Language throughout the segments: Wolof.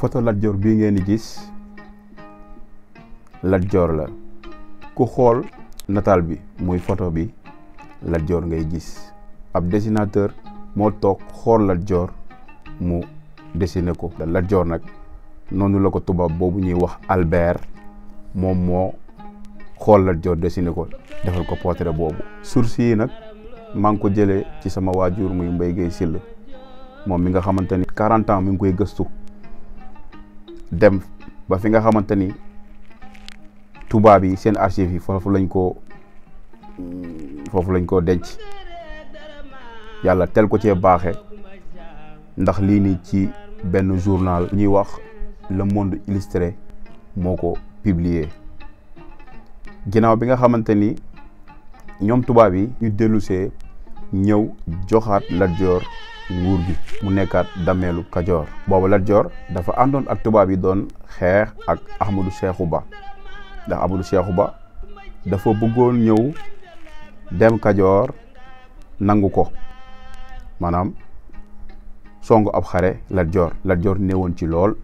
photo la jor bi ngeen di gis la jor la ku xol natal bi moy photo bi la jor ngay gis ab dessinateur mo tok xol Lat Dior mu dessiner ko Lat Dior nag noonu la ko ñuy wax Albert mom mo xol Lat Dior dessiné ko defal ko portrait bobu source yi nak maa ko jele ci sama wajur muy mbey Guèye sil mom mi nga xamanteni 40 ans mi ngui gëstu dem ba fi nga xamante ni tubaab yi seen archives yi foofu lañ ko foofu lañ ko denc yàlla tel ko cee baaxe ndax lii nii ci benn journal ñuy wax Le Monde Illustré moo ko publier ginnaaw bi nga xamante ni ñoom tubaab yi ñu dellusee ñëw joxaat Lat Joor nguur gi mu nekkaat dameelu kajoor booba Lat Joor dafa àndoon ak tubaab yi doon xeex ak Ahmadou seexu Ba ndax Ahmadou Cheikhou Ba dafa bëggoon ñëw dem kajoor nangu ko maanaam songu ab xare Lat Joor Lat Joor néewoon ci lool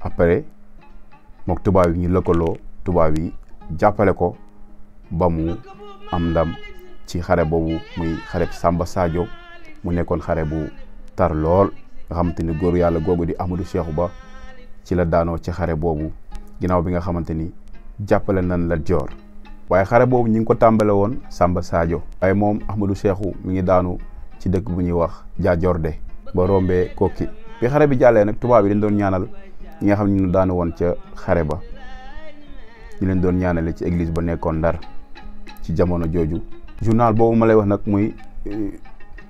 après mook tubaab yi ñu lëkkaloo tubaab yi jàppale ko ba mu am ndam ci xare boobu muy xare sàmba Sadio mu nekkoon xare bu tar lool nga xamante ni góor yàlla googu di Ahmadou Cheikhou Ba ci la daanoo ci xare boobu ginnaaw bi nga xamante ni jàppale nan la joor waaye xare boobu ñi ngi ko tàmbale woon sàmba Sadio waaye moom Ahmadou seexu mi ngi daanu ci dëkk bu ñuy wax Jaajorde ba rombee kokki bi xare bi jàllee nag tubaab yi dañ doon ñaanal ñi nga xam ne ñu daanu woon ca xare ba ñu leen doon ñaanale ci église ba nekkoon ndar ci jamono jooju journal boobu ma lay wax nag muy euh,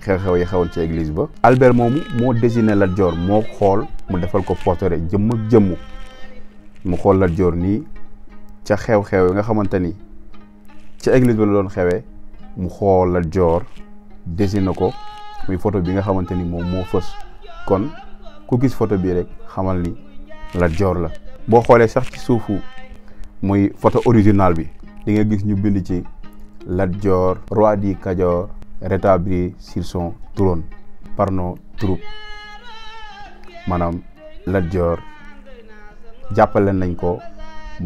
xew-xew yi xewoon ci église ba Albert moomu moo désigné Lat Joor moo xool mu defal ko portrait jëmm ak jëmm mu xool Lat Joor nii ca xew-xew yi nga xamante ni ca église ba la doon xewee mu xool Lat Joor désigné ko muy photo bi nga xamante ni moom moo fës kon ku gis photo bii rek xamal ni Lat Joor la boo xoolee sax ci suufu muy photo original bi di nga gis ñu bind ci Lat Joor Kajoor rétabli sur son trône par nos troupes maanaam Lat Joor jàppale nañ ko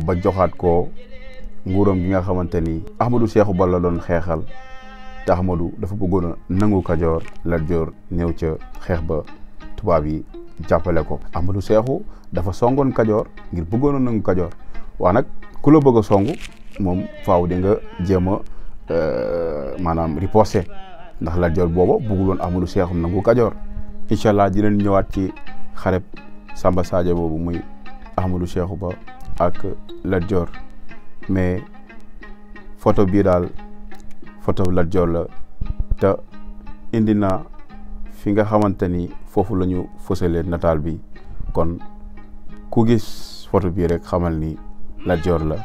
ba joxaat ko nguuram gi nga xamante Ahmadou Cheikh Balla doon xeexal te Ahmadou dafa bëggoon a nangu Kajoor Lat Joor néew ca xeex ba tubaab yi ko Ahmadou Cheikh, dafa ngir bëggoon Nangou nangu Wanak waa nag ku la bëgg jema. Euh, maanaam riposté ndax Lat Joor booba bugguloon Ahmadou Seexum nangu Kajoor incha allah di ñëwaat ci xareb Samba Sadio boobu muy Ahmadou Seexu Ba ak Lat mais photo bii daal photo Lat Joor la te indi na fi nga xamante ni foofu lañu ñu nataal bi kon ku gis photo bii rek xamal ni Lat Joor la